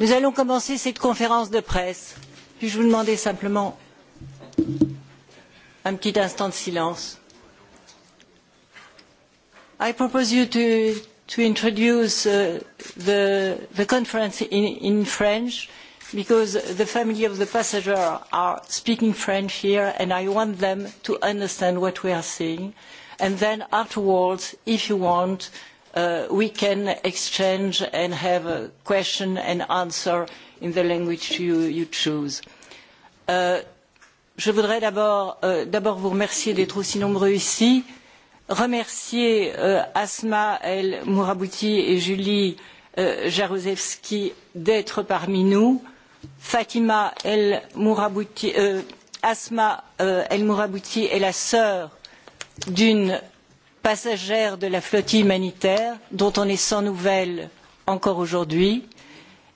nous allons commencer cette conférence de presse. puis je vous demander simplement un petit instant de silence. i propose you to, to introduce uh, the, the conference in, in french because the family of the passenger are speaking french here and i want them to understand what we are saying and then afterwards if you want we can exchange and have a question and answer in the language you, choose. je voudrais d'abord vous remercier d'être aussi nombreux ici, remercier Asma El Mourabouti et Julie Jaruzelski d'être parmi nous, Fatima El Mourabouti, Asma El Mourabouti est la sœur d'une passagère de la flottille humanitaire dont on est sans nouvelles encore aujourd'hui.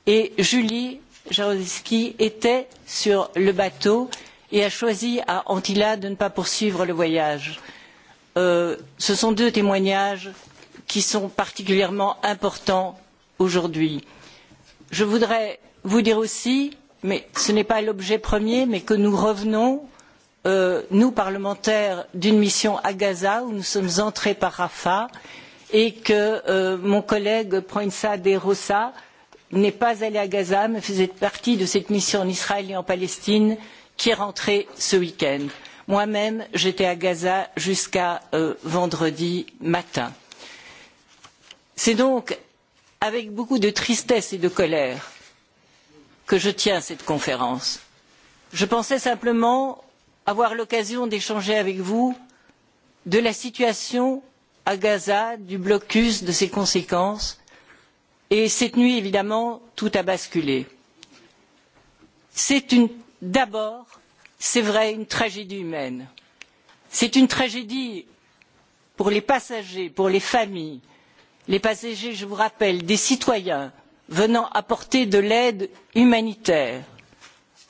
Et Julie Jarodzewski était sur le bateau et a choisi à Antilla de ne pas poursuivre le voyage. ce sont deux témoignages qui sont particulièrement importants aujourd'hui. Je voudrais vous dire aussi, mais ce n'est pas l'objet premier, mais que nous revenons nous parlementaires d'une mission à gaza où nous sommes entrés par rafah et que mon collègue Proinsa de rossa n'est pas allé à gaza mais faisait partie de cette mission en israël et en palestine qui est rentrée ce week end. moi même j'étais à gaza jusqu'à vendredi matin. c'est donc avec beaucoup de tristesse et de colère que je tiens cette conférence. je pensais simplement avoir l'occasion d'échanger avec vous de la situation à Gaza, du blocus, de ses conséquences. Et cette nuit, évidemment, tout a basculé. C'est d'abord, c'est vrai, une tragédie humaine. C'est une tragédie pour les passagers, pour les familles, les passagers, je vous rappelle, des citoyens venant apporter de l'aide humanitaire,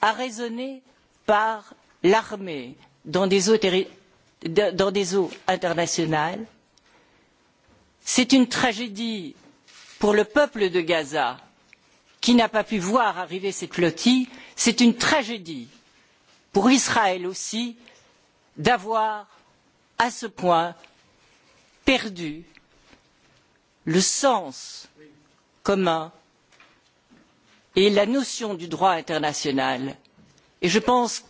arraisonnés par l'armée dans des eaux internationales c'est une tragédie pour le peuple de gaza qui n'a pas pu voir arriver cette flottille c'est une tragédie pour israël aussi d'avoir à ce point perdu le sens commun et la notion du droit international et je pense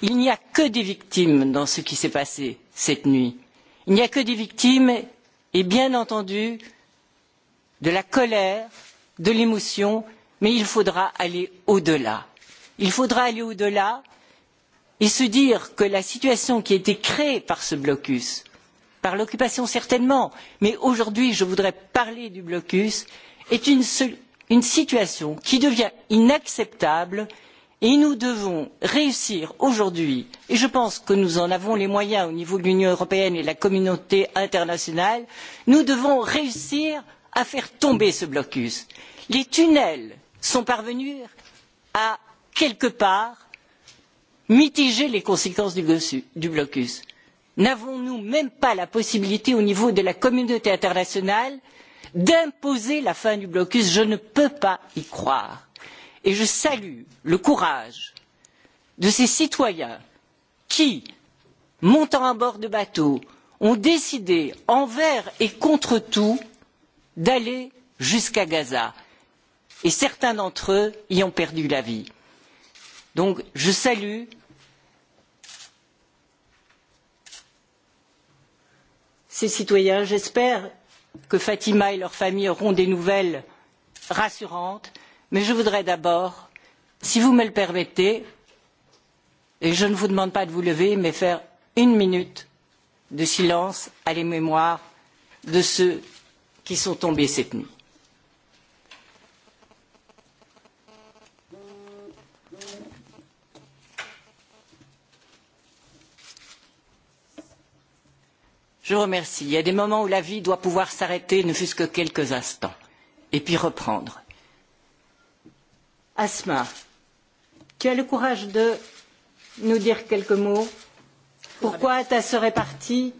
qu'il n'y a que des victimes dans ce qui s'est passé cette nuit. Il n'y a que des victimes et bien entendu de la colère, de l'émotion, mais il faudra aller au-delà. Il faudra aller au-delà et se dire que la situation qui a été créée par ce blocus, par l'occupation certainement, mais aujourd'hui je voudrais parler du blocus, est une, situation qui devient inacceptable et nous devons réussir aujourd'hui et je pense que nous en avons les moyens au niveau de l'union européenne et de la communauté internationale nous devons réussir à faire tomber ce blocus. les tunnels sont parvenus à quelque part mitiger les conséquences du blocus. n'avons nous même pas la possibilité au niveau de la communauté internationale d'imposer la fin du blocus? je ne peux pas y croire et je salue le courage de ces citoyens qui montant à bord de bateaux ont décidé envers et contre tout d'aller jusqu'à gaza et certains d'entre eux y ont perdu la vie. donc je salue ces citoyens j'espère que fatima et leur famille auront des nouvelles rassurantes mais je voudrais d'abord si vous me le permettez et je ne vous demande pas de vous lever mais faire une minute de silence à la mémoire de ceux qui sont tombés cette nuit. Je remercie. Il y a des moments où la vie doit pouvoir s'arrêter, ne fût-ce que quelques instants, et puis reprendre. Asma, tu as le courage de nous dire quelques mots Pourquoi ta sœur est partie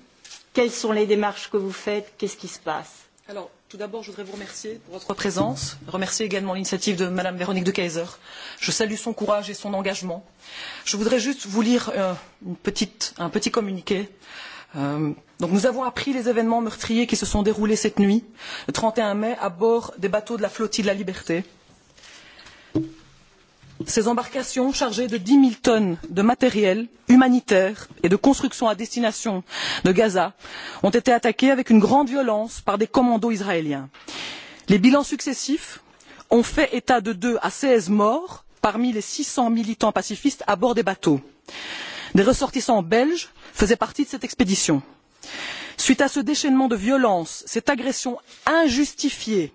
Quelles sont les démarches que vous faites Qu'est-ce qui se passe Alors, tout d'abord, je voudrais vous remercier pour votre présence, remercier également l'initiative de Madame Véronique de Keyser. Je salue son courage et son engagement. Je voudrais juste vous lire un petit communiqué nous avons appris les événements meurtriers qui se sont déroulés cette nuit, le trente et un mai, à bord des bateaux de la flottille de la Liberté ces embarcations chargées de dix zéro tonnes de matériel humanitaire et de construction à destination de gaza ont été attaquées avec une grande violence par des commandos israéliens. les bilans successifs ont fait état de deux à seize morts parmi les six cents militants pacifistes à bord des bateaux. des ressortissants belges faisaient partie de cette expédition. suite à ce déchaînement de violence cette agression injustifiée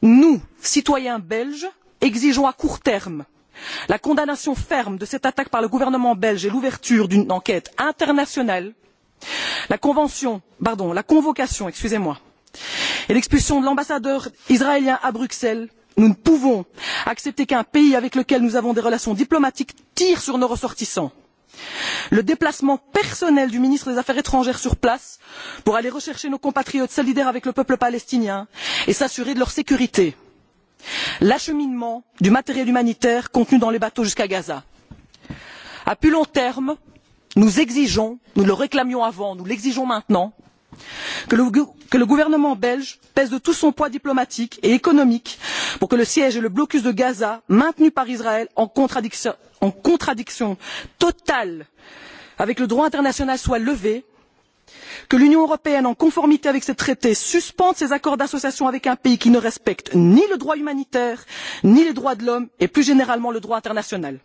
nous citoyens belges exigeons à court terme la condamnation ferme de cette attaque par le gouvernement belge et l'ouverture d'une enquête internationale la convocation et l'expulsion de l'ambassadeur israélien à bruxelles. nous ne pouvons accepter qu'un pays avec lequel nous avons des relations diplomatiques tire sur nos ressortissants. le déplacement personnel du ministre des affaires étrangères sur place pour aller rechercher nos compatriotes solidaires avec le peuple palestinien et s'assurer de leur sécurité; l'acheminement du matériel humanitaire contenu dans les bateaux jusqu'à gaza. à plus long terme nous exigeons nous le réclamions avant nous l'exigeons maintenant que le gouvernement belge pèse de tout son poids diplomatique et économique pour que le siège et le blocus de gaza maintenus par israël en contradiction totale avec le droit international soient levés que l'union européenne en conformité avec ses traités suspende ses accords d'association avec un pays qui ne respecte ni le droit humanitaire ni les droits de l'homme et plus généralement le droit international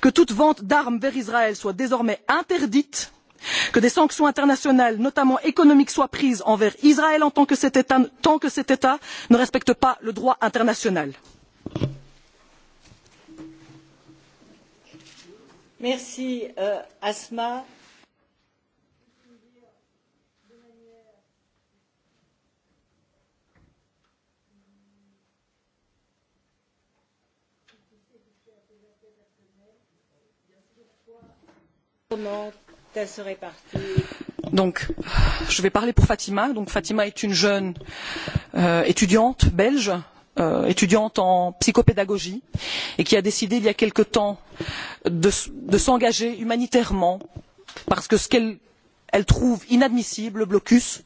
que toute vente d'armes vers israël soit désormais interdite que des sanctions internationales notamment économiques soient prises envers israël tant que cet état ne respecte pas le droit international. merci asma. Donc, je vais parler pour Fatima. Donc, Fatima est une jeune étudiante belge, étudiante en psychopédagogie, et qui a décidé il y a quelque temps de, s'engager humanitairement parce que ce qu'elle trouve inadmissible, le blocus,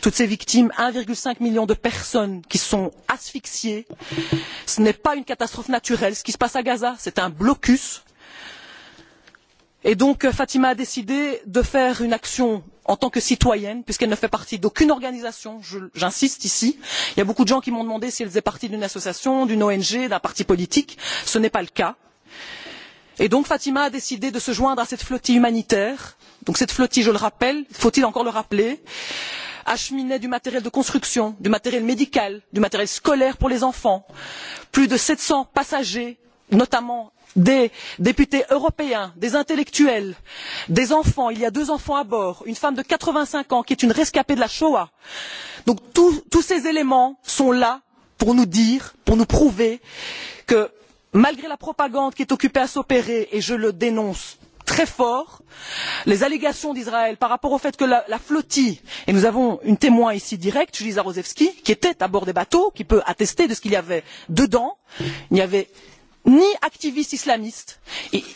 toutes ces victimes, un cinq million de personnes qui sont asphyxiées, ce n'est pas une catastrophe naturelle. Ce qui se passe à Gaza, c'est un blocus et donc fatima a décidé de faire une action en tant que citoyenne puisqu'elle ne fait partie d'aucune organisation j'insiste ici il y a beaucoup de gens qui m'ont demandé si elle faisait partie d'une association d'une ong d'un parti politique ce n'est pas le cas et donc fatima a décidé de se joindre à cette flottille humanitaire donc cette flottille je le rappelle faut il encore le rappeler acheminait du matériel de construction du matériel médical du matériel scolaire pour les enfants plus de sept cents passagers notamment des députés européens des intellectuels des enfants il y a deux enfants à bord une femme de quatre vingt cinq ans qui est une rescapée de la shoah. donc tous ces éléments sont là pour nous dire pour nous prouver que malgré la propagande qui est occupée à s'opérer et je le dénonce très fort les allégations d'israël par rapport au fait que la flottille et nous avons une témoin ici directe Julie Zarosevski qui était à bord des bateaux qui peut attester de ce qu'il y avait dedans il n'y avait ni activistes islamistes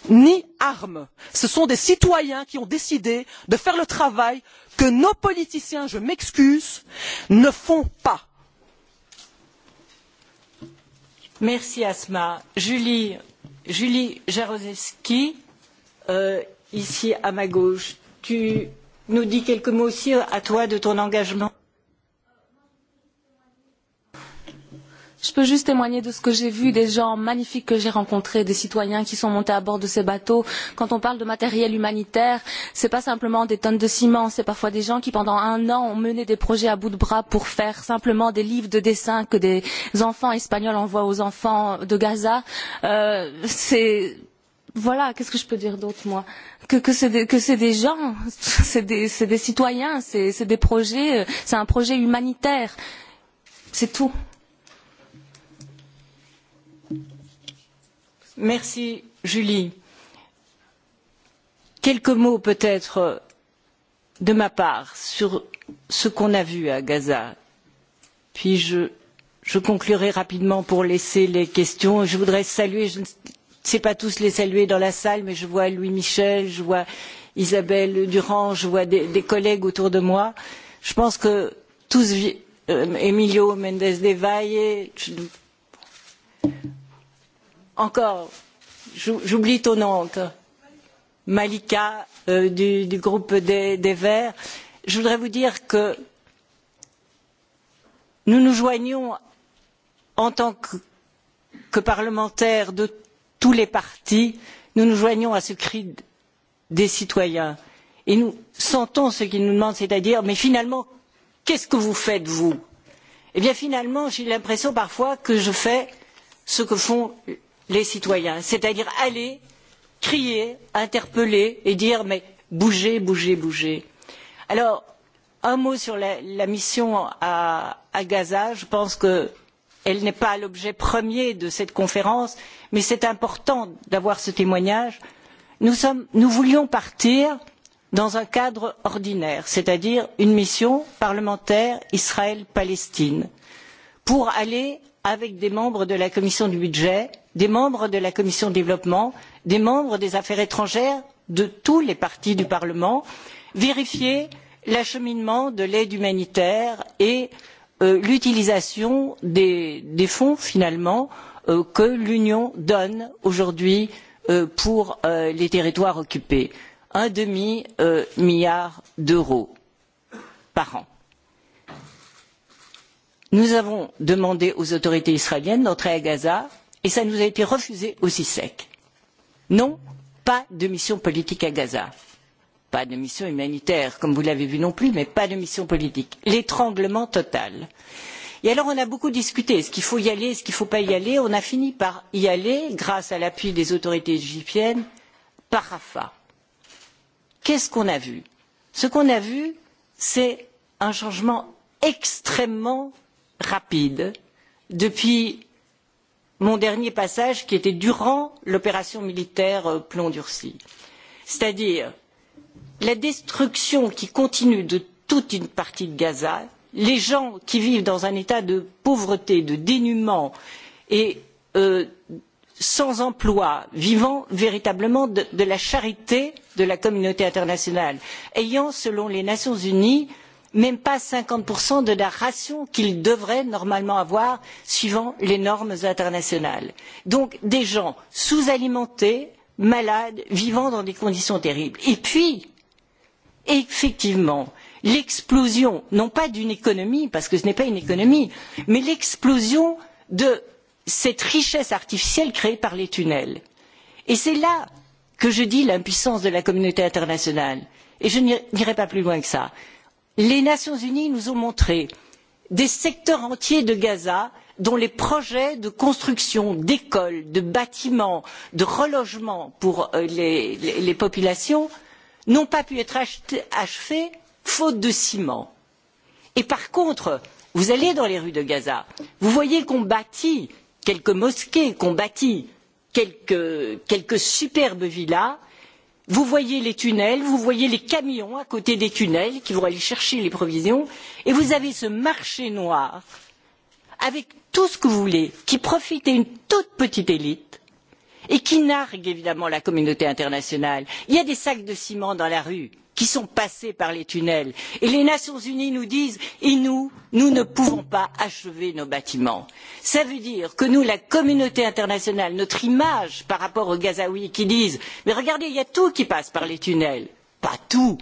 ni armes ce sont des citoyens qui ont décidé de faire le travail que nos politiciens je m'excuse ne font pas. merci asma. julie jaruzelski ici à ma gauche tu nous dis quelques mots aussi à toi de ton engagement? Je peux juste témoigner de ce que j'ai vu, des gens magnifiques que j'ai rencontrés, des citoyens qui sont montés à bord de ces bateaux. Quand on parle de matériel humanitaire, ce n'est pas simplement des tonnes de ciment, c'est parfois des gens qui pendant un an ont mené des projets à bout de bras pour faire simplement des livres de dessin que des enfants espagnols envoient aux enfants de Gaza. Euh, c'est voilà, qu'est-ce que je peux dire d'autre, moi Que, que c'est des, des gens, c'est des, des citoyens, c'est des projets, c'est un projet humanitaire. C'est tout. Merci, Julie. Quelques mots peut-être de ma part sur ce qu'on a vu à Gaza. Puis je, conclurai rapidement pour laisser les questions. Je voudrais saluer, je ne sais pas tous les saluer dans la salle, mais je vois Louis Michel, je vois Isabelle Durand, je vois des, collègues autour de moi. Je pense que tous, Emilio Mendes de Valle, encore, j'oublie ton nom encore, Malika du, groupe des, Verts, je voudrais vous dire que nous nous joignons en tant que, parlementaires de tous les partis, nous nous joignons à ce cri des citoyens et nous sentons ce qu'ils nous demandent, c'est-à-dire mais finalement, qu'est-ce que vous faites vous Eh bien finalement, j'ai l'impression parfois que je fais ce que font les citoyens, c'est-à-dire aller crier, interpeller et dire mais bougez, bougez, bougez. Alors, un mot sur la, mission à, Gaza. Je pense qu'elle n'est pas l'objet premier de cette conférence, mais c'est important d'avoir ce témoignage. Nous, voulions partir dans un cadre ordinaire, c'est-à-dire une mission parlementaire Israël-Palestine, pour aller avec des membres de la commission du budget des membres de la commission du développement des membres des affaires étrangères de tous les partis du parlement vérifier l'acheminement de l'aide humanitaire et l'utilisation des fonds finalement que l'union donne aujourd'hui pour les territoires occupés un demi milliard d'euros par an. Nous avons demandé aux autorités israéliennes d'entrer à Gaza et cela nous a été refusé aussi sec. Non, pas de mission politique à Gaza. Pas de mission humanitaire, comme vous l'avez vu non plus, mais pas de mission politique. L'étranglement total. Et alors on a beaucoup discuté, est-ce qu'il faut y aller, est-ce qu'il ne faut pas y aller On a fini par y aller, grâce à l'appui des autorités égyptiennes, par Rafah. Qu'est-ce qu'on a vu Ce qu'on a vu, c'est un changement extrêmement rapide depuis mon dernier passage qui était durant l'opération militaire plomb durci c'est à dire la destruction qui continue de toute une partie de gaza les gens qui vivent dans un état de pauvreté de dénuement et sans emploi vivant véritablement de la charité de la communauté internationale ayant selon les nations unies même pas cinquante de la ration qu'ils devraient normalement avoir suivant les normes internationales. donc des gens sous alimentés malades vivant dans des conditions terribles. et puis effectivement l'explosion non pas d'une économie parce que ce n'est pas une économie mais l'explosion de cette richesse artificielle créée par les tunnels. et c'est là que je dis l'impuissance de la communauté internationale et je n'irai pas plus loin que cela les nations unies nous ont montré des secteurs entiers de gaza dont les projets de construction d'écoles de bâtiments de relogement pour les populations n'ont pas pu être achevés faute de ciment. par contre vous allez dans les rues de gaza vous voyez qu'on bâtit quelques mosquées qu'on bâtit quelques superbes villas vous voyez les tunnels vous voyez les camions à côté des tunnels qui vont aller chercher les provisions et vous avez ce marché noir avec tout ce que vous voulez qui profite à une toute petite élite et qui nargue évidemment la communauté internationale. il y a des sacs de ciment dans la rue qui sont passés par les tunnels. Et les Nations Unies nous disent et nous, nous ne pouvons pas achever nos bâtiments. Cela veut dire que nous, la communauté internationale, notre image par rapport aux Gazaouis qui disent Mais regardez, il y a tout qui passe par les tunnels. Pas tout.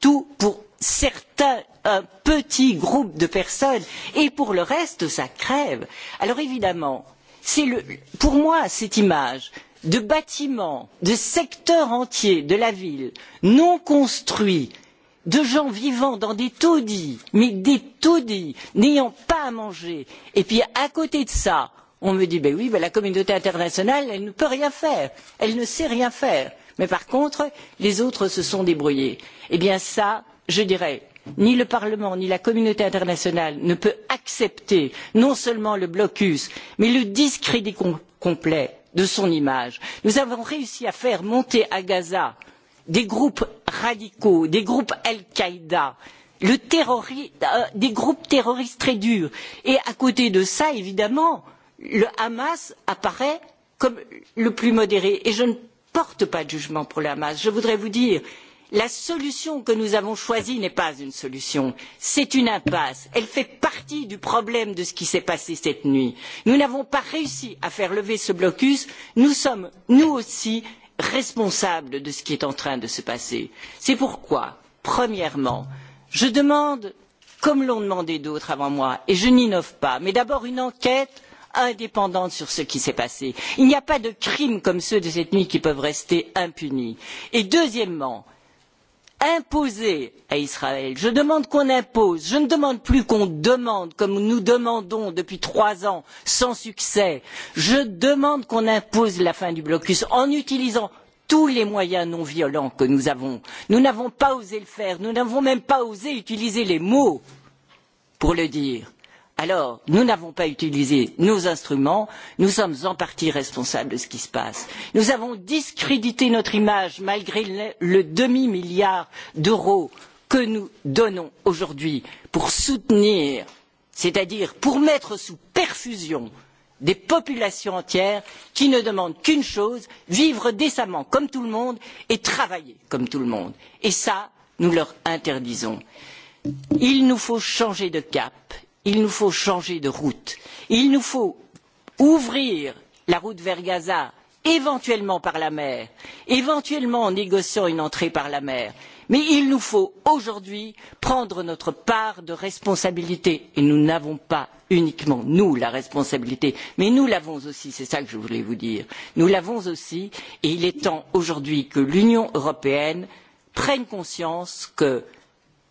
Tout pour certains, un petit groupe de personnes. Et pour le reste, ça crève. Alors évidemment, pour moi, cette image, de bâtiments de secteurs entiers de la ville non construits de gens vivant dans des taudis mais des taudis n'ayant pas à manger et puis à côté de cela on me dit ben oui la communauté internationale elle ne peut rien faire elle ne sait rien faire mais par contre les autres se sont débrouillés eh bien ça je dirais ni le parlement ni la communauté internationale ne peuvent accepter non seulement le blocus mais le discrédit complet de son image. Nous avons réussi à faire monter à Gaza des groupes radicaux, des groupes Al-Qaïda, des groupes terroristes très durs. Et à côté de cela, évidemment, le Hamas apparaît comme le plus modéré. Et je ne porte pas de jugement pour le Hamas. Je voudrais vous dire que la solution que nous avons choisie n'est pas une solution c'est une impasse elle fait partie du problème de ce qui s'est passé cette nuit. nous n'avons pas réussi à faire lever ce blocus nous sommes nous aussi responsables de ce qui est en train de se passer. c'est pourquoi premièrement je demande comme l'ont demandé d'autres avant moi et je n'innove pas mais d'abord une enquête indépendante sur ce qui s'est passé. il n'y a pas de crimes comme ceux de cette nuit qui peuvent rester impunis. et deuxièmement imposer à Israël. Je demande qu'on impose, je ne demande plus qu'on demande, comme nous demandons depuis trois ans, sans succès. Je demande qu'on impose la fin du blocus en utilisant tous les moyens non violents que nous avons. Nous n'avons pas osé le faire, nous n'avons même pas osé utiliser les mots pour le dire alors nous n'avons pas utilisé nos instruments nous sommes en partie responsables de ce qui se passe. nous avons discrédité notre image malgré le demi milliard d'euros que nous donnons aujourd'hui pour soutenir c'est à dire pour mettre sous perfusion des populations entières qui ne demandent qu'une chose vivre décemment comme tout le monde et travailler comme tout le monde. et cela nous leur interdisons. il nous faut changer de cap il nous faut changer de route. Il nous faut ouvrir la route vers Gaza, éventuellement par la mer, éventuellement en négociant une entrée par la mer. Mais il nous faut aujourd'hui prendre notre part de responsabilité. Et nous n'avons pas uniquement, nous, la responsabilité, mais nous l'avons aussi, c'est cela que je voulais vous dire. Nous l'avons aussi, et il est temps aujourd'hui que l'Union européenne prenne conscience que,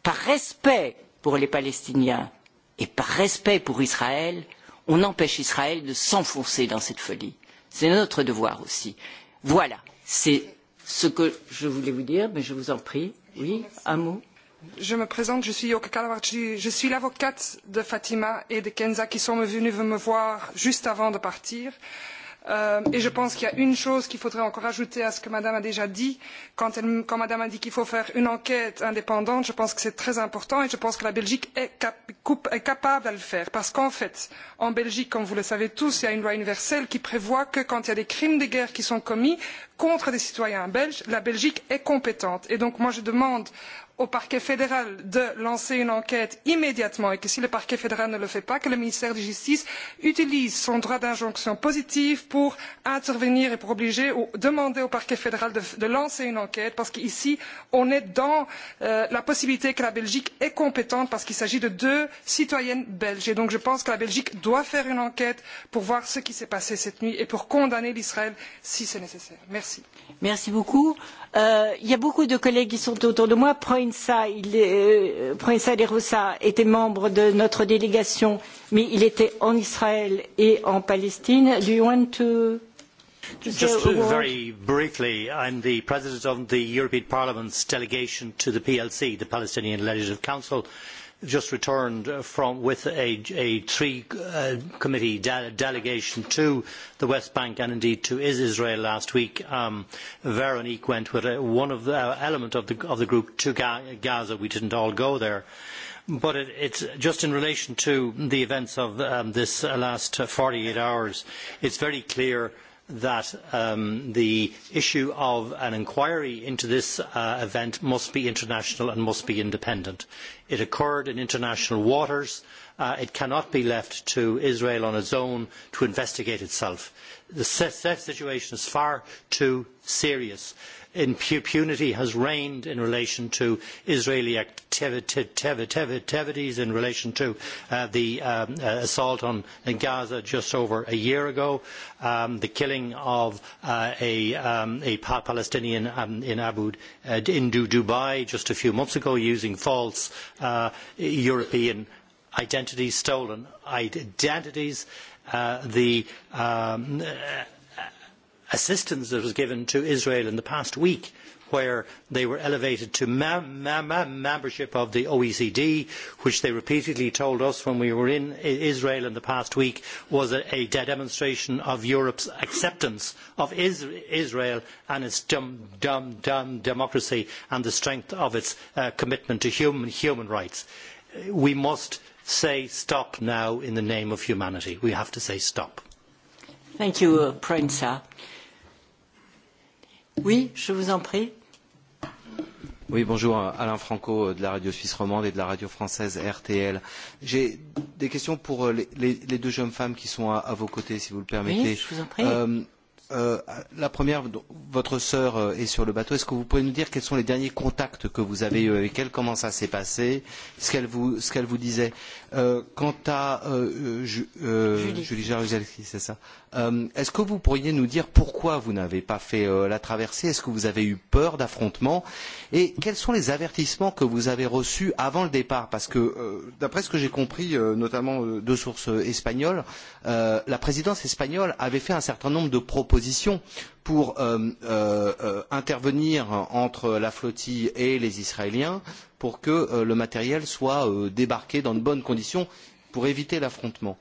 par respect pour les Palestiniens, Et par respect pour Israël, on empêche Israël de s'enfoncer dans cette folie. C'est notre devoir aussi. Voilà, c'est ce que je voulais vous dire, mais je vous en prie. Oui, un mot. Je me présente, je suis Yoka Kalawarchi, je suis l'avocate de Fatima et de Kenza qui sont venus me voir juste avant de partir. Euh, et je pense qu'il y a une chose qu'il faudrait encore ajouter à ce que Madame a déjà dit. Quand, Madame a dit qu'il faut faire une enquête indépendante, je pense que c'est très important et je pense que la Belgique est, capable de le faire. Parce qu'en fait, en Belgique, comme vous le savez tous, il y a une loi universelle qui prévoit que quand il y a des crimes de guerre qui sont commis contre des citoyens belges, la Belgique est compétente. Et donc moi je demande au parquet fédéral de lancer une enquête immédiatement et que si le parquet fédéral ne le fait pas, que le ministère de la Justice utilise son droit d'injonction positive pour intervenir et pour obliger ou demander au parquet fédéral de, lancer une enquête parce qu'ici on est dans la possibilité que la Belgique est compétente parce qu'il s'agit de deux citoyennes belges et donc je pense que la Belgique doit faire une enquête pour voir ce qui s'est passé cette nuit et pour condamner l'Israël si c'est nécessaire. Merci. Merci beaucoup. Il y a beaucoup de collègues qui sont autour de moi. Prenez Prensa Lerosa était membre de notre délégation, mais il était en Israël et en Palestine. Do you want to Just very briefly, I am the president of the European Parliament's delegation to the PLC, the Palestinian Legislative Council just returned with a three committee delegation to the West Bank and indeed to Israel last week. Veronique went with one of the element of the group to Gaza. We didn't all go there. But it it's just in relation to the events of this last forty eight hours, it is very clear that the issue of an inquiry into this event must be international and must be independent. It occurred in international waters. it cannot be left to Israel on its own to investigate itself. The situation is far too serious impunity has reigned in relation to Israeli activities in relation to the assault on Gaza just over a year ago, the killing of a Palestinian in Abu in Dubai just a few months ago using false European identities, stolen identities, the assistance that was given to Israel in the past week where they were elevated to membership of the OECD, which they repeatedly told us when we were in Israel in the past week was a demonstration of Europe's acceptance of Israel and its democracy and the strength of its commitment to human rights. We must say stop now in the name of humanity. We have to say stop. Thank you, Oui, je vous en prie. Oui, bonjour, Alain Franco de la radio suisse romande et de la radio française RTL. J'ai des questions pour les, deux jeunes femmes qui sont à, vos côtés, si vous le permettez la première, votre sœur est sur le bateau. Est-ce que vous pouvez nous dire quels sont les derniers contacts que vous avez eus avec elle Comment cela s'est passé Ce qu'elle vous, ce qu'elle vous disait. quant à Julie Jaruzelski, c'est ça. est-ce que vous pourriez nous dire pourquoi vous n'avez pas fait la traversée Est-ce que vous avez eu peur d'affrontements Et quels sont les avertissements que vous avez reçus avant le départ Parce que, d'après ce que j'ai compris, notamment de sources espagnoles, la présidence espagnole avait fait un certain nombre de propositions propositions pour intervenir entre la flottille et les Israéliens pour que le matériel soit débarqué dans de bonnes conditions pour éviter l'affrontement.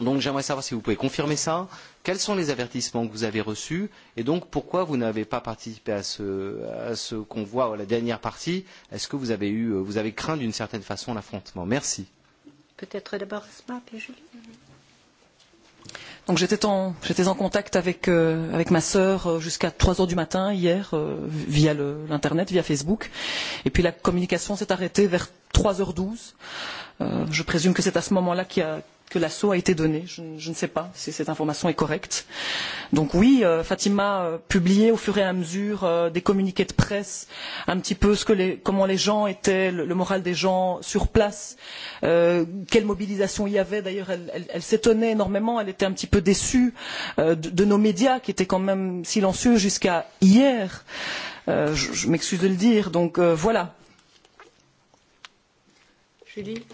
Donc j'aimerais savoir si vous pouvez confirmer cela, Quels sont les avertissements que vous avez reçus et donc pourquoi vous n'avez pas participé à ce, convoi ou à la dernière partie Est-ce que vous avez, eu, vous avez craint d'une certaine façon l'affrontement Merci. Peut-être d'abord Asma, et Julie. Donc j'étais en, j'étais en contact avec, euh, avec ma sœur jusqu'à 3 heures du matin hier euh, via l'Internet, via Facebook. Et puis la communication s'est arrêtée vers 3h12. Euh, je présume que c'est à ce moment-là qu'il y a que l'assaut a été donné. Je, ne sais pas si cette information est correcte. Donc oui, Fatima publiait au fur et à mesure des communiqués de presse, un petit peu comment les gens étaient, le, moral des gens sur place, quelle mobilisation il y avait. D'ailleurs, elle, s'étonnait énormément, elle était un petit peu déçue de, nos médias qui étaient quand même silencieux jusqu'à hier. je m'excuse de le dire. Donc voilà. Julie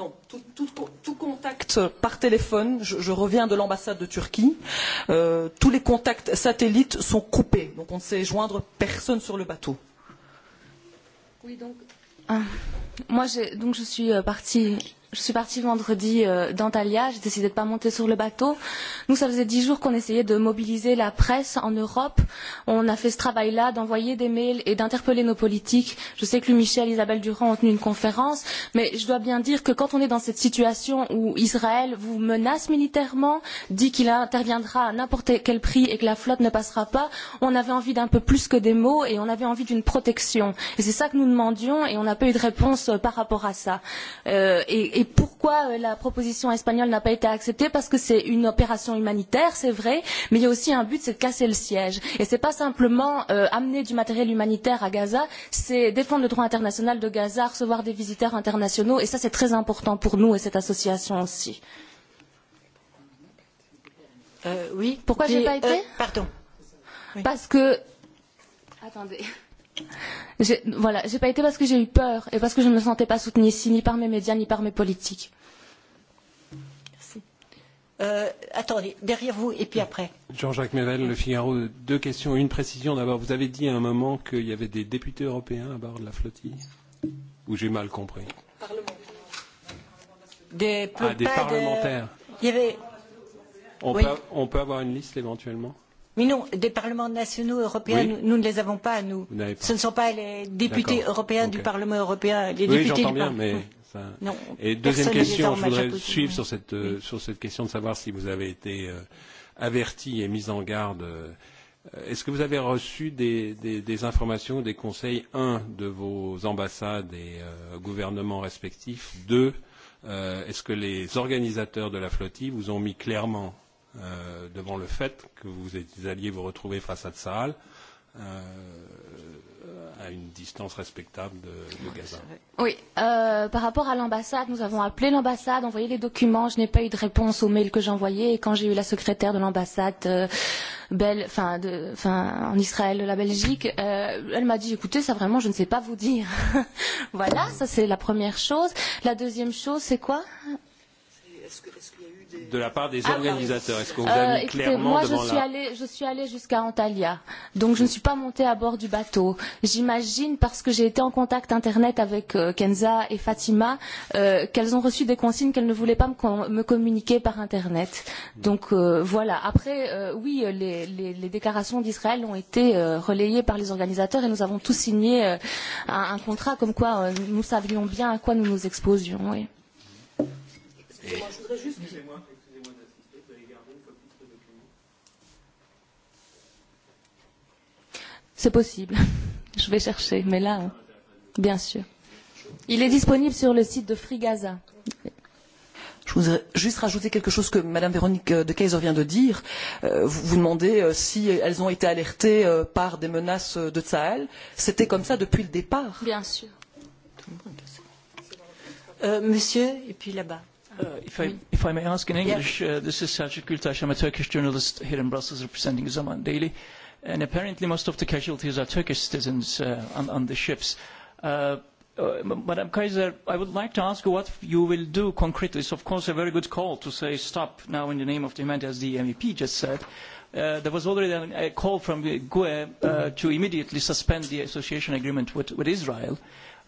non, tout, tout, tout contact par téléphone, je, je reviens de l'ambassade de Turquie, euh, tous les contacts satellites sont coupés, donc on ne sait joindre personne sur le bateau. Oui, donc. Ah, moi, donc je suis partie je suis partie vendredi euh, d'Antalya, j'ai décidé de ne pas monter sur le bateau. Nous, ça faisait dix jours qu'on essayait de mobiliser la presse en Europe. On a fait ce travail-là, d'envoyer des mails et d'interpeller nos politiques. Je sais que lui, Michel, Isabelle Durand ont tenu une conférence, mais je dois bien dire que quand on est dans cette situation où Israël vous menace militairement, dit qu'il interviendra à n'importe quel prix et que la flotte ne passera pas, on avait envie d'un peu plus que des mots et on avait envie d'une protection. Et c'est ça que nous demandions et on n'a pas eu de réponse par rapport à ça. Euh, et, et pourquoi la proposition espagnole n'a pas été acceptée Parce que c'est une opération humanitaire, c'est vrai, mais il y a aussi un but, c'est de casser le siège. Et ce n'est pas simplement amener du matériel humanitaire à Gaza, c'est défendre le droit international de Gaza, recevoir des visiteurs internationaux, et ça c'est très important pour nous et cette association aussi. oui. Pourquoi je n'ai pas été Pardon. Parce que. Attendez. Je, voilà, j'ai pas été parce que j'ai eu peur et parce que je ne me sentais pas soutenue ici, ni par mes médias, ni par mes politiques. Merci. Euh, attendez, derrière vous et puis après. Jean-Jacques Mével, Le Figaro. Deux questions, une précision. D'abord, vous avez dit à un moment qu'il y avait des députés européens à bord de la flottille. Ou j'ai mal compris Des, ah, des parlementaires. Il y avait... on, peut, on peut avoir une liste éventuellement Mais non, des parlements nationaux européens, nous, ne les avons pas, nous. Ce ne sont pas les députés européens du Parlement européen, les députés du Parlement. mais... Et deuxième question, je voudrais suivre sur cette, sur cette question de savoir si vous avez été averti et mis en garde. Est-ce que vous avez reçu des, des, des informations ou des conseils, un, de vos ambassades et euh, gouvernements respectifs Deux, euh, est-ce que les organisateurs de la flottille vous ont mis clairement devant le fait que vous alliez vous retrouver face à euh, à une distance respectable de, de Gaza. Oui, euh, par rapport à l'ambassade, nous avons appelé l'ambassade, envoyé les documents. Je n'ai pas eu de réponse au mail que j'envoyais Et quand j'ai eu la secrétaire de l'ambassade euh, fin, fin, en Israël, la Belgique, euh, elle m'a dit écoutez, ça vraiment, je ne sais pas vous dire. voilà, ça c'est la première chose. La deuxième chose, c'est quoi est-ce que, est-ce que de la part des organisateurs Est-ce qu'on vous a mis clairement moi, devant je suis allée, je suis allée jusqu'à Antalya, donc je ne suis pas montée à bord du bateau. J'imagine, parce que j'ai été en contact internet avec Kenza et Fatima, qu'elles ont reçu des consignes qu'elles ne voulaient pas me, communiquer par internet. Donc voilà. Après, oui, les, les, les déclarations d'Israël ont été relayées par les organisateurs et nous avons tous signé un, un contrat comme quoi nous savions bien à quoi nous nous exposions. Oui. Excusez-moi, je voudrais juste. Excusez-moi, excusez-moi d'insister, vous avez gardé une copie de ce document C'est possible. Je vais chercher, mais là, bien sûr. Il est disponible sur le site de Frigaza. Je voudrais juste rajouter quelque chose que Madame Véronique de Keyser vient de dire. vous vous demandez si elles ont été alertées par des menaces de Tsahel. C'était comme ça depuis le départ. Bien sûr. monsieur, et puis là-bas if, I, if I may ask in English, uh, this is Selçuk Gültaş. I'm a Turkish journalist here in Brussels representing Zaman Daily. And apparently most of the casualties are Turkish citizens uh, on, on the ships. Uh, uh, Madam Kaiser, I would like to ask you what you will do concretely. It's, of course, a very good call to say stop now in the name of the humanity, as the MEP just said. Uh, there was already a call from GUE uh, to immediately suspend the association agreement with, with Israel.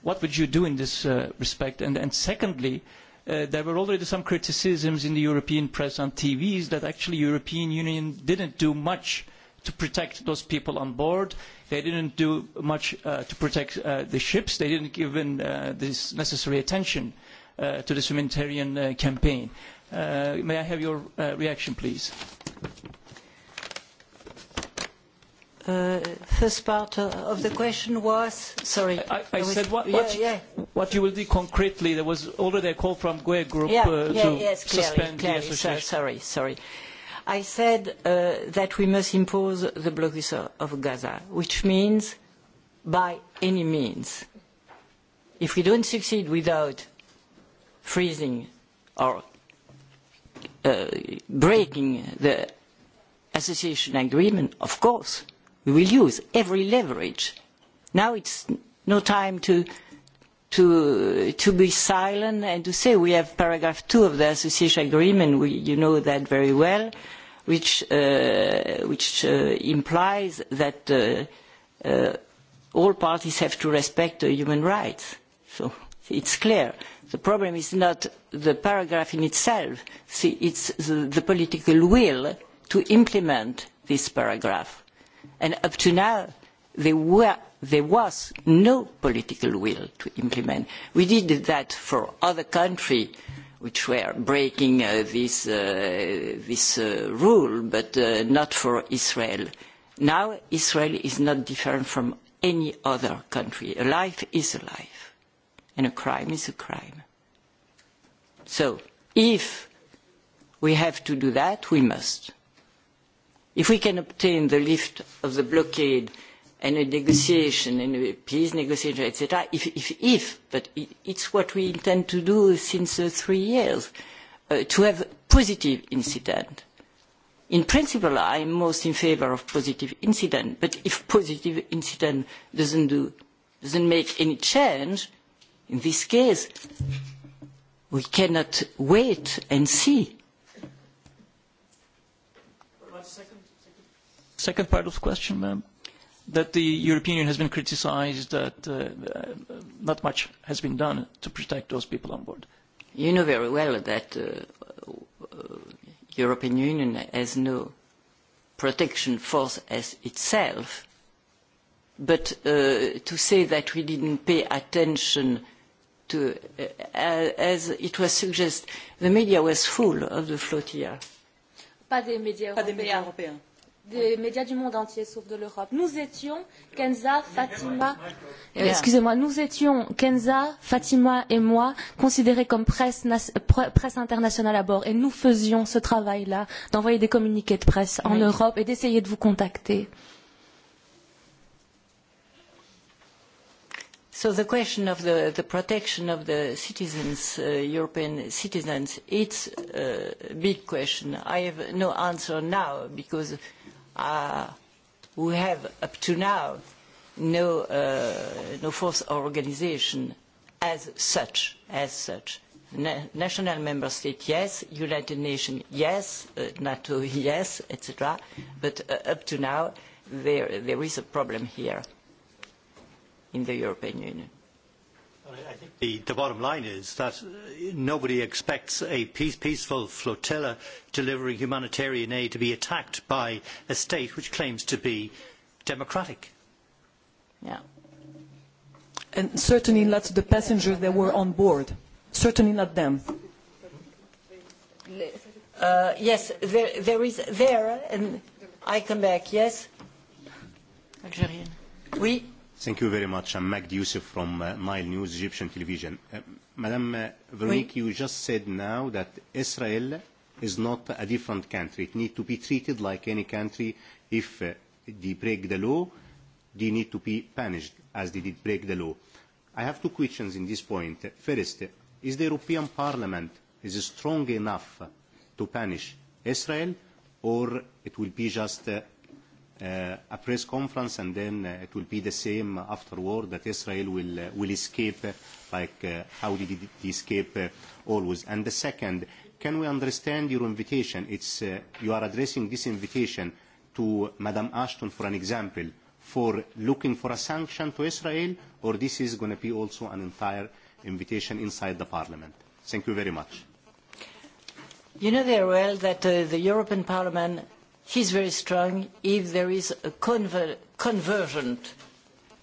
What would you do in this uh, respect? And, and secondly, uh, there were already some criticisms in the European press on TVs that actually the European Union didn't do much to protect those people on board. They didn't do much to protect the ships. They didn't give in this necessary attention to this humanitarian campaign. may I have your reaction, please? first part of the question was? Sorry. I said what yeah, yeah. what, you will do concretely. There was already a call from GUE Group yeah, yeah, to suspend the association. Sorry. sorry. I said that we must impose the blockade of Gaza, which means by any means. If we don't succeed without freezing or breaking the association agreement, of course, We will use every leverage. Now it's no time to, to, to be silent and to say we have paragraph two of the association agreement, we, you know that very well, which, uh, which uh, implies that uh, uh, all parties have to respect human rights. So it's clear. The problem is not the paragraph in itself, See, it's the, the political will to implement this paragraph and up to now there were there was no political will to implement. We did that for other countries which were breaking this, rule, but not for Israel. Now Israel is not different from any other country. A life is a life, and a crime is a crime. So if we have to do that, we must If we can obtain the lift of the blockade and a negotiation and a peace negotiation, etc., if, if, if, but it's what we intend to do since uh, three years, uh, to have positive incident. In principle, I am most in favor of positive incident, but if positive incident doesn't do, doesn't make any change, in this case, we cannot wait and see Second part of the question, ma'am, that the European Union has been criticised that uh, not much has been done to protect those people on board. You know very well that uh, uh, European Union has no protection force as itself, but uh, to say that we didn't pay attention to, uh, as it was suggested, the media was full of the flotilla. Pas des médias européens. Pas des médias européens des médias du monde entier, sauf de l'Europe. Nous étions Kenza, Fatima, euh, excusez-moi, nous étions Kenza, Fatima et moi considérés comme presse, presse internationale à bord, et nous faisions ce travail-là d'envoyer des communiqués de presse en oui. Europe et d'essayer de vous contacter. So the question of the, the protection of the citizens, uh, European citizens, it's a big question. I have no answer now because uh, we have up to now no, uh, no force organization as such, as such. Na national member state, yes, United Nations, yes, uh, NATO, yes, etc. But uh, up to now, there, there is a problem here in the European Union the, the bottom line is that nobody expects a peace, peaceful flotilla delivering humanitarian aid to be attacked by a state which claims to be democratic. Yeah. And certainly not the passengers that were on board. Certainly not them. Uh, yes, there, there is there, and I come back, yes? Algérienne. Oui Thank you very much. I'm Magdi Youssef from uh, Nile News, Egyptian television. Uh, Madam uh, Veronique, you just said now that Israel is not a different country. It needs to be treated like any country. If uh, they break the law, they need to be punished as they did break the law. I have two questions in this point. First, is the European Parliament is strong enough to punish Israel, or it will be just uh, uh, a press conference and then uh, it will be the same afterward that Israel will, uh, will escape uh, like uh, how did it escape uh, always. And the second, can we understand your invitation? It's, uh, you are addressing this invitation to Madam Ashton for an example for looking for a sanction to Israel or this is going to be also an entire invitation inside the parliament? Thank you very much. You know very well that uh, the European Parliament He is very strong if there is a convergent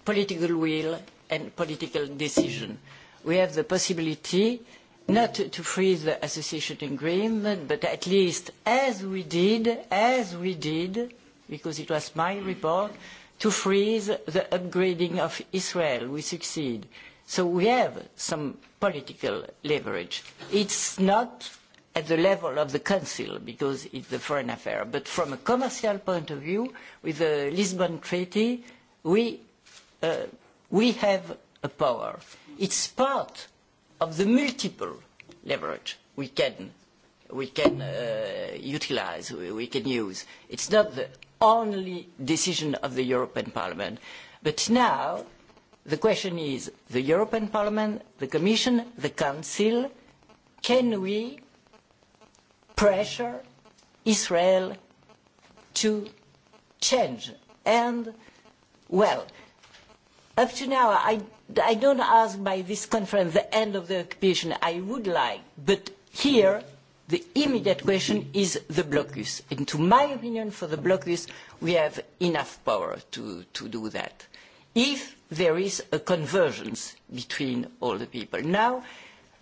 political will and political decision. We have the possibility not to freeze the association agreement, but at least as we did, as we did, because it was my report, to freeze the upgrading of Israel. We succeed. So we have some political leverage. It's not at the level of the Council, because it is a foreign affair. But from a commercial point of view, with the Lisbon Treaty, we, have a power. It is part of the multiple leverage we can, we can utilise, we, we can use. It is not the only decision of the European Parliament. But now, the question is, the European Parliament, the Commission, the Council, can we pressure Israel to change. And, well, up to now, I, I don't ask by this conference the end of the occupation. I would like, but here, the immediate question is the blocus. And to my opinion, for the blocus, we have enough power to, to do that. If there is a convergence between all the people. Now,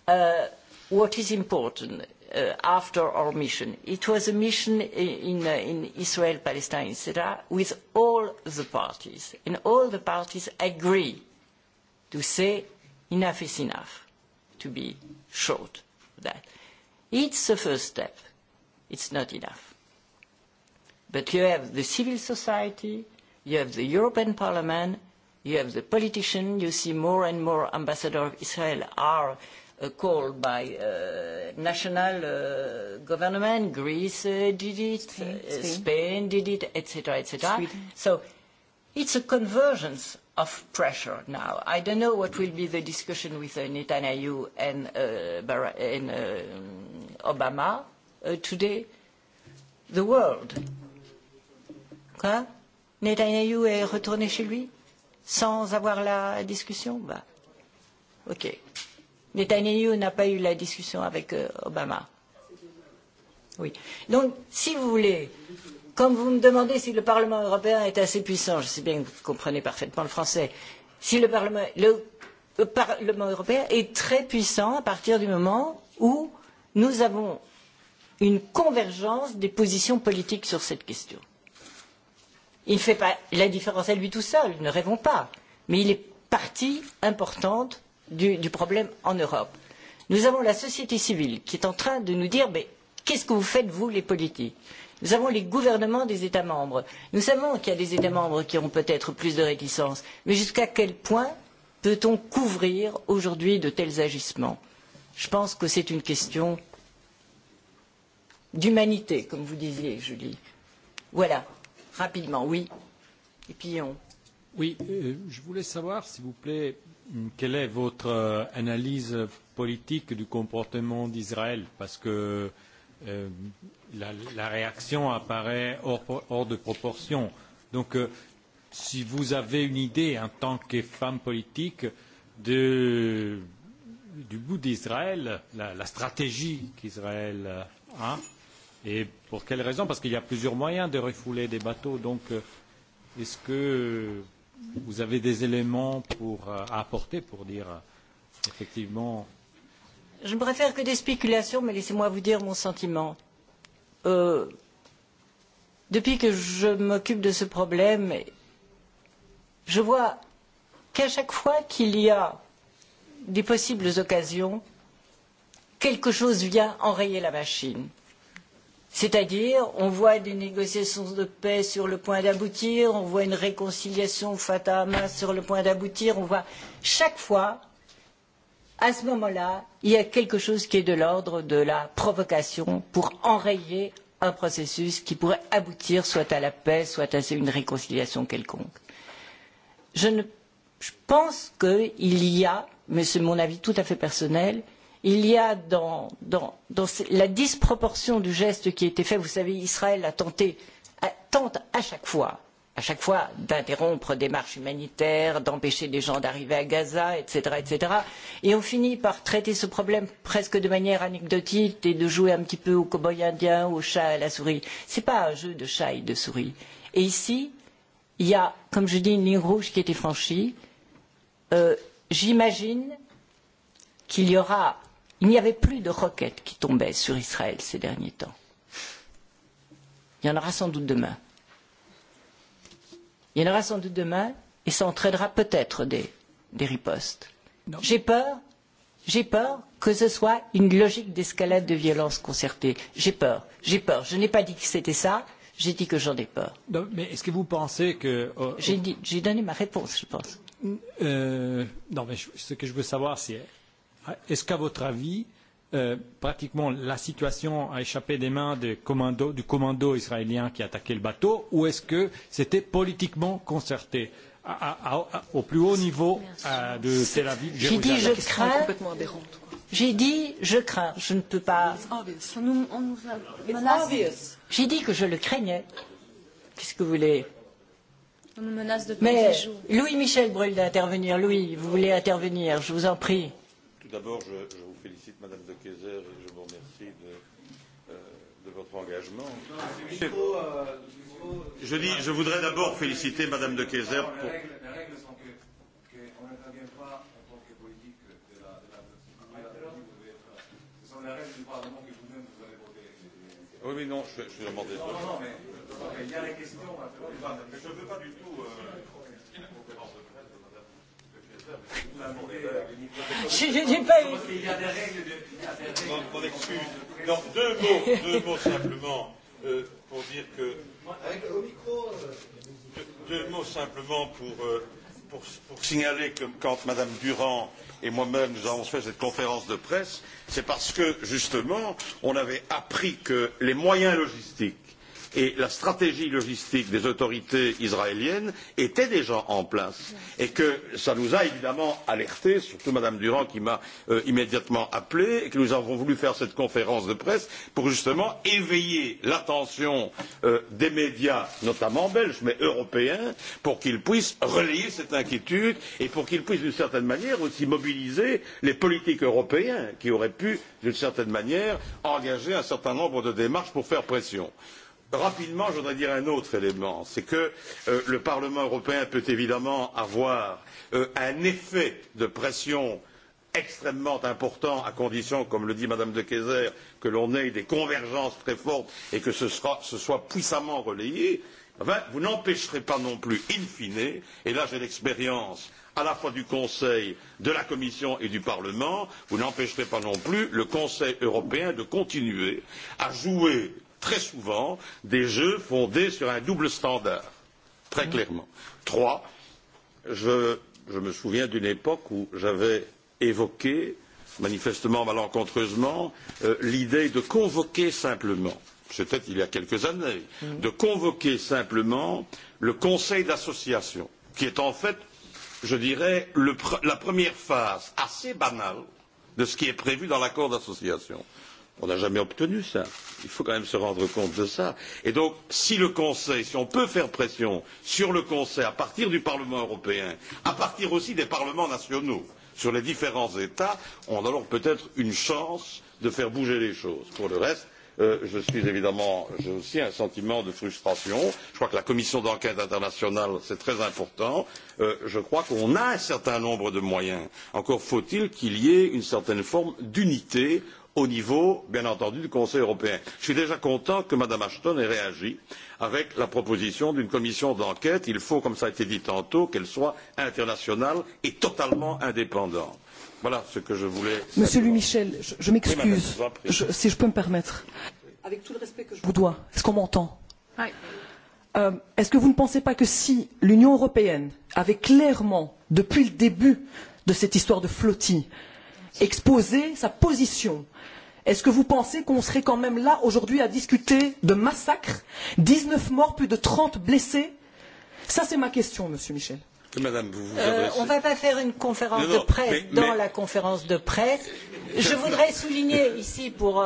uh, what is important after our mission. It was a mission in, in Israel, Palestine, etc., with all the parties. And all the parties agree to say enough is enough, to be short of that. It's the first step. It's not enough. But you have the civil society, you have the European Parliament, you have the politicians, you see more and more ambassadors of Israel are called by uh, national uh, government. Greece uh, did it, Spain, uh, Spain did it, etc., etc. So it's a convergence of pressure now. I don't know what will be the discussion with uh, Netanyahu and, uh, Bar- and uh, Obama uh, today. The world. Quoi Netanyahu est retourné chez lui sans avoir la discussion bah. Okay. Netanyahu n'a pas eu la discussion avec Obama. Oui. Donc, si vous voulez, comme vous me demandez si le Parlement européen est assez puissant, je sais bien que vous comprenez parfaitement le français, si le Parlement, le, le Parlement européen est très puissant à partir du moment où nous avons une convergence des positions politiques sur cette question. Il ne fait pas la différence à lui tout seul, ne rêvons pas, mais il est partie importante du, problème en Europe. Nous avons la société civile qui est en train de nous dire mais qu'est-ce que vous faites, vous, les politiques Nous avons les gouvernements des États membres. Nous savons qu'il y a des États membres qui ont peut-être plus de réticences, mais jusqu'à quel point peut-on couvrir aujourd'hui de tels agissements Je pense que c'est une question d'humanité, comme vous disiez, Julie. Voilà, rapidement, oui. Et puis on. Oui, je voulais savoir, s'il vous plaît, Quelle est votre analyse politique du comportement d'Israël Parce que la, réaction apparaît hors, de proportion. Donc, si vous avez une idée en tant que femme politique du bout d'Israël, la, stratégie qu'Israël a, et pour quelle raison Parce qu'il y a plusieurs moyens de refouler des bateaux. Donc, est-ce que vous avez des éléments pour, à apporter pour dire effectivement. Je ne préfère que des spéculations, mais laissez-moi vous dire mon sentiment. depuis que je m'occupe de ce problème, je vois qu'à chaque fois qu'il y a des possibles occasions, quelque chose vient enrayer la machine C'est-à-dire, on voit des négociations de paix sur le point d'aboutir, on voit une réconciliation Fatah Hamas sur le point d'aboutir, on voit chaque fois, à ce moment-là, il y a quelque chose qui est de l'ordre de la provocation pour enrayer un processus qui pourrait aboutir soit à la paix, soit à une réconciliation quelconque. Je, pense qu'il y a, mais c'est mon avis tout à fait personnel, il y a dans, la disproportion du geste qui a été fait, vous savez, Israël a tenté, tente à chaque fois, à chaque fois d'interrompre des marches humanitaires, d'empêcher des gens d'arriver à Gaza, etc., etc. Et on finit par traiter ce problème presque de manière anecdotique et de jouer un petit peu au cow-boy indien, au chat, à la souris. Ce n'est pas un jeu de chat et de souris. Et ici, il y a, comme je dis, une ligne rouge qui a été franchie. J'imagine qu'il y aura Il n'y avait plus de roquettes qui tombaient sur Israël ces derniers temps. Il y en aura sans doute demain. Il y en aura sans doute demain et ça entraînera peut-être des, des ripostes. J'ai peur, j'ai peur que ce soit une logique d'escalade de violence concertée. J'ai peur, j'ai peur. Je n'ai pas dit que c'était ça, j'ai dit que j'en ai peur. Non, mais est-ce que vous pensez que... J'ai donné ma réponse, je pense. Euh, non, mais ce que je veux savoir, c'est Est-ce qu'à votre avis, pratiquement la situation a échappé des mains du commando israélien qui a attaqué le bateau ou est-ce que c'était politiquement concerté au plus haut niveau de Tel Aviv J'ai dit je crains. J'ai dit je crains. Je ne peux pas. J'ai dit que je le craignais. Qu'est-ce que vous voulez Mais Louis Michel brûle d'intervenir. Louis, vous voulez intervenir Je vous en prie. Tout d'abord, je, vous félicite, Madame de Keyser, et je vous remercie de, votre engagement. Je dis, je voudrais d'abord féliciter Madame de Kayser pour. Oui, mais non, je, je suis demandé. Non, non, mais il y a la question. Je ne veux pas du tout. Euh, J'ai pas eu. Il y a des règles. Mon excuse. Non, deux mots, deux mots simplement euh, pour dire que. Avec le micro. deux mots simplement pour. Euh, pour, pour signaler que quand Mme Durand et moi-même nous avons fait cette conférence de presse, c'est parce que justement on avait appris que les moyens logistiques et la stratégie logistique des autorités israéliennes était déjà en place et que cela nous a évidemment alertés, surtout Mme Durand qui m'a immédiatement appelé et que nous avons voulu faire cette conférence de presse pour justement éveiller l'attention des médias, notamment belges mais européens, pour qu'ils puissent relayer cette inquiétude et pour qu'ils puissent d'une certaine manière aussi mobiliser les politiques européens qui auraient pu d'une certaine manière engager un certain nombre de démarches pour faire pression. Rapidement, je voudrais dire un autre élément, c'est que le Parlement européen peut évidemment avoir un effet de pression extrêmement important à condition, comme le dit Madame de Keyser, que l'on ait des convergences très fortes et que ce, soit puissamment relayé, vous n'empêcherez pas non plus, in fine, et là j'ai l'expérience à la fois du Conseil, de la Commission et du Parlement, vous n'empêcherez pas non plus le Conseil européen de continuer à jouer très souvent des jeux fondés sur un double standard, très clairement. Trois, je, me souviens d'une époque où j'avais évoqué, manifestement malencontreusement, l'idée de convoquer simplement c'était il y a quelques années de convoquer simplement le conseil d'association, qui est en fait, je dirais, la première phase assez banale de ce qui est prévu dans l'accord d'association. On n'a jamais obtenu cela. Il faut quand même se rendre compte de cela. Et donc, si le Conseil, si on peut faire pression sur le Conseil à partir du Parlement européen, à partir aussi des parlements nationaux, sur les différents États, on a alors peut-être une chance de faire bouger les choses. Pour le reste, je suis évidemment, j'ai aussi un sentiment de frustration. Je crois que la commission d'enquête internationale, c'est très important. je crois qu'on a un certain nombre de moyens. Encore faut-il qu'il y ait une certaine forme d'unité au niveau bien entendu du conseil européen. je suis déjà content que mme ashton ait réagi avec la proposition d'une commission d'enquête. il faut comme cela a été dit tantôt qu'elle soit internationale et totalement indépendante. voilà ce que je voulais. monsieur louis michel je m'excuse si je peux me permettre avec tout le respect que je vous dois est ce qu'on m'entend? est ce que vous ne pensez pas que si l'union européenne avait clairement depuis le début de cette histoire de flottille exposer sa position. Est-ce que vous pensez qu'on serait quand même là aujourd'hui à discuter de massacres, dix neuf morts, plus de trente blessés Ça, c'est ma question, Monsieur Michel. Madame, vous vous euh, on ne va pas faire une conférence de presse dans la conférence de presse. Je voudrais souligner ici pour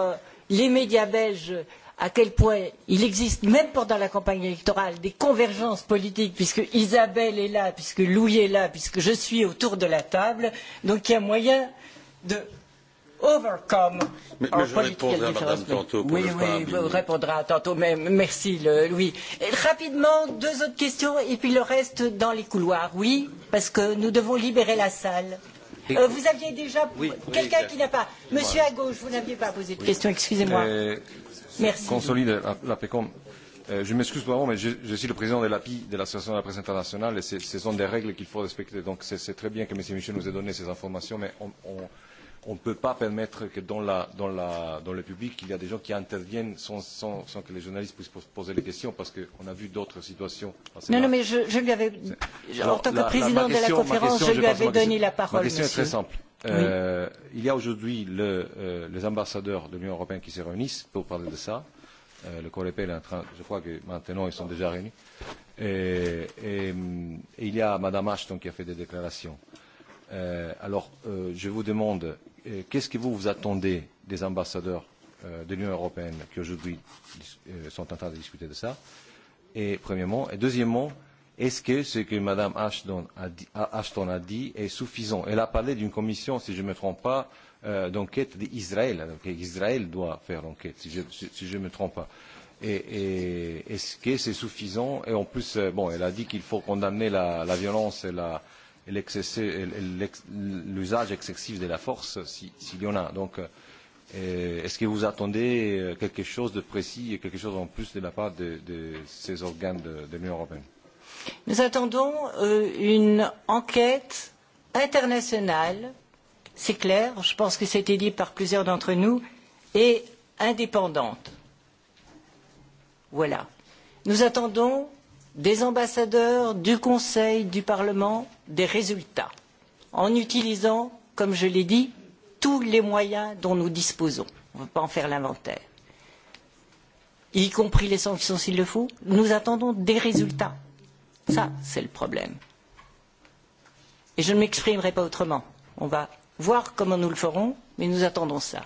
les médias belges à quel point il existe, même pendant la campagne électorale, des convergences politiques, puisque Isabelle est là, puisque Louis est là, puisque je suis autour de la table. Donc il y a moyen de overcome mais, our mais je répondrai oui, oui, vous répondra tantôt, mais merci le, Louis. Et rapidement, deux autres questions et puis le reste dans les couloirs, oui, parce que nous devons libérer la salle. Euh, vous aviez déjà oui, quelqu'un oui, qui n'a pas. Monsieur à gauche, vous n'aviez pas posé de oui. question, excusez-moi. Euh, merci. Consolide la, la PECOM. Euh, je m'excuse vraiment, mais je, je suis le président de l'API, de l'Association de la presse internationale, et ce sont des règles qu'il faut respecter. Donc c'est très bien que M. Michel nous ait donné ces informations, mais on, on, on ne peut pas permettre que dans, la, dans, la, dans le public, il y a des gens qui interviennent sans, sans, sans que les journalistes puissent poser les questions, parce qu'on a vu d'autres situations. Non, non, mais je, je lui avais, en tant que président de la conférence, je lui avais donné la parole. La question est très simple. Euh, il y a aujourd'hui le, euh, les ambassadeurs de l'Union européenne qui se réunissent pour parler de ça. Euh, le Corépel est en train, je crois que maintenant ils sont déjà réunis. Et, et, et il y a Madame Ashton qui a fait des déclarations. Euh, alors, euh, je vous demande, qu'est-ce que vous vous attendez des ambassadeurs de l'Union européenne qui aujourd'hui sont en train de discuter de ça Et premièrement. Et deuxièmement, est-ce que ce que Mme Ashton a dit, Ashton a dit est suffisant Elle a parlé d'une commission, si je ne me trompe pas, euh, d'enquête d'Israël. Donc Israël doit faire l'enquête, si je ne si, je me trompe pas. Et, et est-ce que c'est suffisant Et en plus, bon, elle a dit qu'il faut condamner la, la violence et la, euh, l'usage excessif de la force, s'il y en a. Donc, est-ce que vous attendez quelque chose de précis et quelque chose en plus de la part de, ces organes de, l'Union européenne Nous attendons une enquête internationale, c'est clair, je pense que c'était dit par plusieurs d'entre nous, et indépendante. Voilà. Nous attendons des ambassadeurs du Conseil, du Parlement, des résultats en utilisant, comme je l'ai dit, tous les moyens dont nous disposons. On ne va pas en faire l'inventaire. Y compris les sanctions s'il le faut. Nous attendons des résultats. Ça, c'est le problème. Et je ne m'exprimerai pas autrement. On va voir comment nous le ferons, mais nous attendons cela.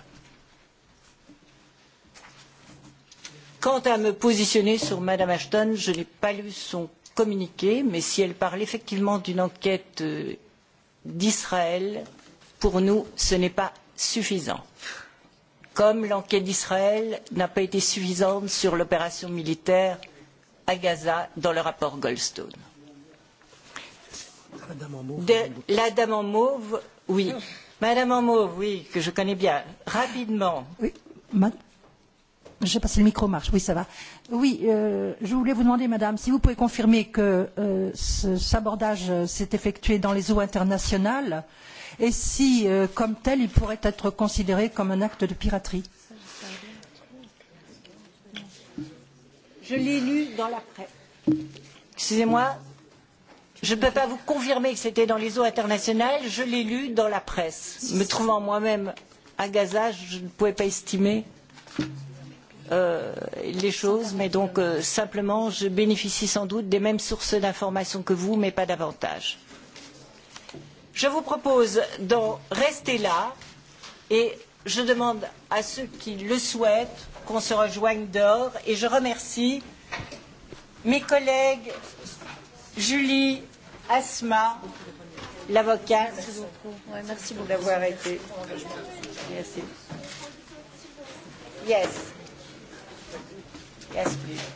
Quant à me positionner sur Madame Ashton, je n'ai pas lu son communiqué, mais si elle parle effectivement d'une enquête d'Israël, pour nous, ce n'est pas suffisant. Comme l'enquête d'Israël n'a pas été suffisante sur l'opération militaire à Gaza dans le rapport Goldstone. la dame en mauve, oui. Madame en mauve, oui, que je connais bien. Rapidement. Je sais pas si le micro marche. Oui, ça va. Oui, euh, je voulais vous demander, Madame, si vous pouvez confirmer que euh, ce sabordage s'est effectué dans les eaux internationales et si, euh, comme tel, il pourrait être considéré comme un acte de piraterie. Je l'ai lu dans la presse. Excusez-moi, je ne peux pas vous confirmer que c'était dans les eaux internationales. Je l'ai lu dans la presse. Me trouvant moi-même à Gaza, je ne pouvais pas estimer les choses, mais donc simplement, je bénéficie sans doute des mêmes sources d'informations que vous, mais pas davantage. Je vous propose d'en rester là et je demande à ceux qui le souhaitent qu'on se rejoigne dehors et je remercie mes collègues Julie, Asma, l'avocat. Merci beaucoup d'avoir été. Merci. Yes. Yes, please.